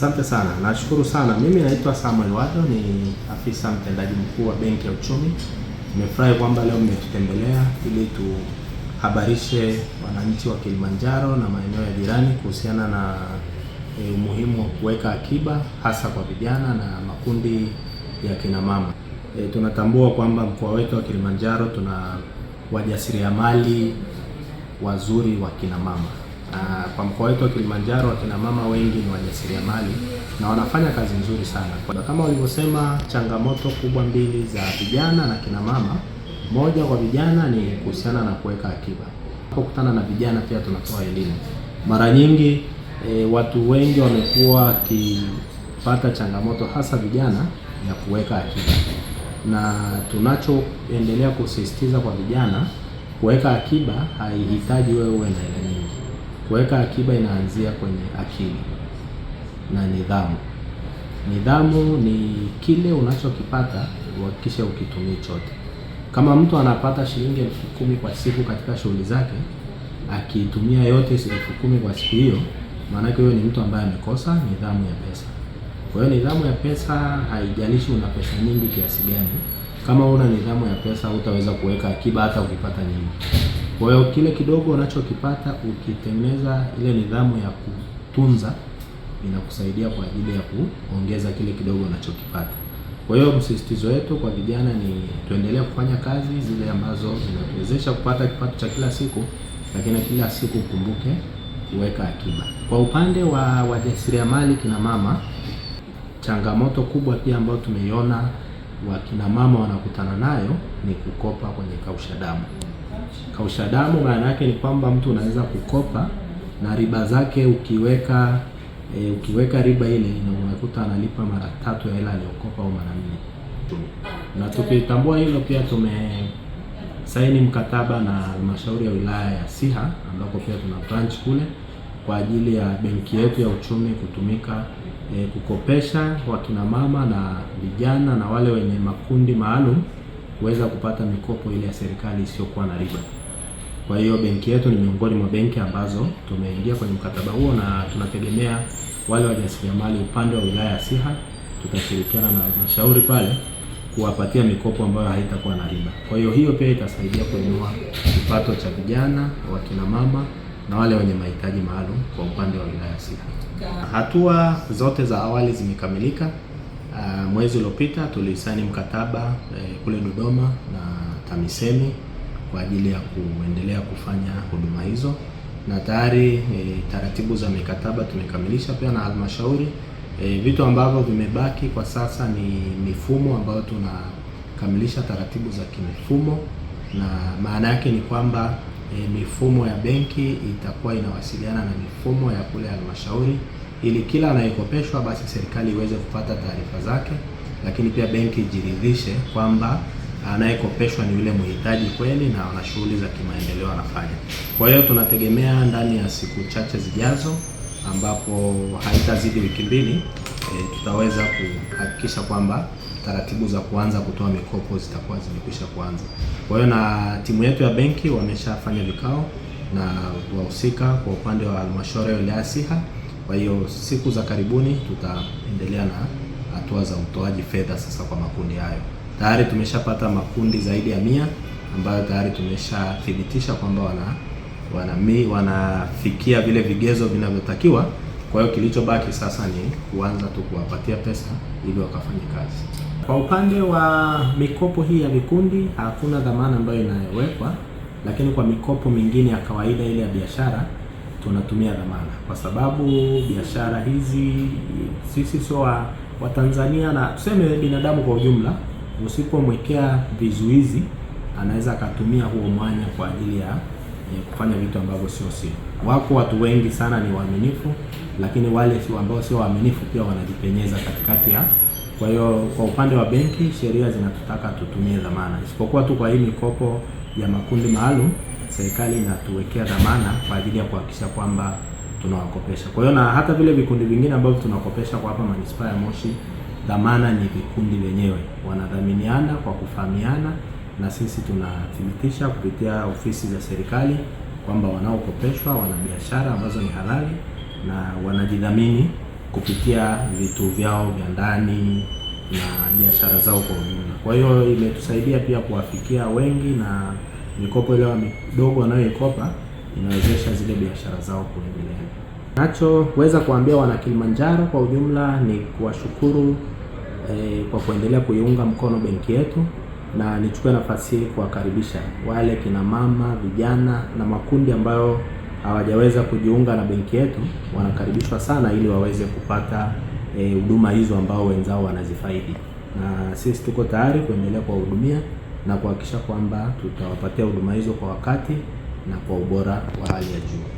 Asante sana, nashukuru sana. Mimi naitwa Samuel Wado, ni afisa mtendaji mkuu wa Benki ya Uchumi. Nimefurahi kwamba leo mmetutembelea ili tuhabarishe wananchi wa Kilimanjaro na maeneo ya jirani kuhusiana na e, umuhimu wa kuweka akiba hasa kwa vijana na makundi ya kina mama. E, tunatambua kwamba mkoa wetu wa Kilimanjaro tuna wajasiriamali wazuri wa kina mama. Ah, kwa mkoa wetu wa Kilimanjaro wakina mama wengi ni wajasiriamali na wanafanya kazi nzuri sana. Kwa kama walivyosema, changamoto kubwa mbili za vijana na kina mama, moja kwa vijana ni kuhusiana na kuweka akiba. Kukutana na vijana pia tunatoa elimu. Mara nyingi e, watu wengi wamekuwa wakipata changamoto hasa vijana ya kuweka akiba, na tunachoendelea kusisitiza kwa vijana, kuweka akiba haihitaji wewe uwe na Kuweka akiba inaanzia kwenye akili na nidhamu. Nidhamu ni kile unachokipata uhakikishe ukitumii chote. Kama mtu anapata shilingi elfu kumi kwa siku katika shughuli zake, akiitumia yote elfu kumi kwa siku hiyo, maanake huyo ni mtu ambaye amekosa nidhamu ya pesa. Kwa hiyo nidhamu ya pesa haijalishi una pesa nyingi kiasi gani. Kama una nidhamu ya pesa, hutaweza kuweka akiba hata ukipata nyingi. Kwa hiyo kile kidogo unachokipata ukitengeneza ile nidhamu ya kutunza, inakusaidia kwa ajili ya kuongeza kile kidogo unachokipata. Kwa hiyo msisitizo wetu kwa vijana ni tuendelee kufanya kazi zile ambazo zinatuwezesha kupata kipato cha kila siku, lakini kila siku ukumbuke kuweka akiba. Kwa upande wa wajasiriamali kina mama, changamoto kubwa pia ambayo tumeiona wakinamama wanakutana nayo ni kukopa kwenye kausha damu. Kausha damu maana yake ni kwamba mtu unaweza kukopa na riba zake ukiweka e, ukiweka riba ile unakuta analipa mara tatu ya hela aliyokopa au mara nne. Na tukitambua hilo, pia tumesaini mkataba na halmashauri ya wilaya ya Siha ambako pia tuna branch kule kwa ajili ya benki yetu ya uchumi kutumika e, kukopesha wakina mama na vijana na wale wenye makundi maalum kuweza kupata mikopo ile ya serikali isiyokuwa na riba. Kwa hiyo benki yetu ni miongoni mwa benki ambazo tumeingia kwenye mkataba huo na tunategemea wale wajasiriamali upande wa wilaya ya Siha tutashirikiana na halmashauri pale kuwapatia mikopo ambayo haitakuwa na riba. Kwa hiyo hiyo pia itasaidia kuinua kipato cha vijana, wakina mama na wale wenye mahitaji maalum kwa upande wa wilaya Siha. Hatua zote za awali zimekamilika. Uh, mwezi uliopita tulisaini mkataba eh, kule Dodoma na TAMISEMI kwa ajili ya kuendelea kufanya huduma hizo na tayari eh, taratibu za mikataba tumekamilisha pia na halmashauri. Eh, vitu ambavyo vimebaki kwa sasa ni mifumo ambayo tunakamilisha taratibu za kimifumo, na maana yake ni kwamba e, mifumo ya benki itakuwa inawasiliana na mifumo ya kule halmashauri ili kila anayekopeshwa basi serikali iweze kupata taarifa zake, lakini pia benki ijiridhishe kwamba anayekopeshwa ni yule mhitaji kweli na ana shughuli za kimaendeleo anafanya. Kwa hiyo tunategemea ndani ya siku chache zijazo, ambapo haitazidi wiki mbili, e, tutaweza kuhakikisha kwamba taratibu za kuanza kutoa mikopo zitakuwa zimekwisha kuanza. Kwa hiyo na timu yetu ya benki wameshafanya vikao na wahusika kwa upande wa halmashauri ya wilaya Siha. Kwa hiyo siku za karibuni tutaendelea na hatua za utoaji fedha sasa kwa makundi hayo. Tayari tumeshapata makundi zaidi ya mia ambayo tayari tumeshathibitisha kwamba wana mi, wanafikia vile vigezo vinavyotakiwa. Kwa hiyo kilichobaki sasa ni kuanza tu kuwapatia pesa ili wakafanye kazi. Kwa upande wa mikopo hii ya vikundi hakuna dhamana ambayo inawekwa, lakini kwa mikopo mingine ya kawaida ile ya biashara tunatumia dhamana, kwa sababu biashara hizi sisi sio wa Watanzania na tuseme binadamu kwa ujumla, usipomwekea vizuizi anaweza akatumia huo mwanya kwa ajili ya eh, kufanya vitu ambavyo sio sio. Wako watu wengi sana ni waaminifu, lakini wale ambao sio waaminifu pia wanajipenyeza katikati ya kwa hiyo kwa upande wa benki sheria zinatutaka tutumie dhamana, isipokuwa tu kwa hii mikopo ya makundi maalum, serikali inatuwekea dhamana kwa ajili ya kuhakikisha kwamba tunawakopesha. Kwa hiyo na hata vile vikundi vingine ambavyo tunakopesha kwa hapa manispaa ya Moshi, dhamana ni vikundi vyenyewe, wanadhaminiana kwa kufahamiana, na sisi tunathibitisha kupitia ofisi za serikali kwamba wanaokopeshwa wana biashara ambazo ni halali na wanajidhamini kupitia vitu vyao vya ndani na biashara zao kwa ujumla. Kwa hiyo imetusaidia pia kuwafikia wengi na mikopo ile midogo wanayoikopa inawezesha zile biashara zao kuendelea. Nachoweza kuambia wana Kilimanjaro kwa ujumla ni kuwashukuru eh, kwa kuendelea kuiunga mkono benki yetu, na nichukue nafasi hii kuwakaribisha wale kina mama, vijana na makundi ambayo hawajaweza kujiunga na benki yetu wanakaribishwa sana ili waweze kupata eh, huduma e, hizo ambao wenzao wanazifaidi, na sisi tuko tayari kuendelea kuwahudumia na kuhakikisha kwamba tutawapatia huduma hizo kwa wakati na kwa ubora wa hali ya juu.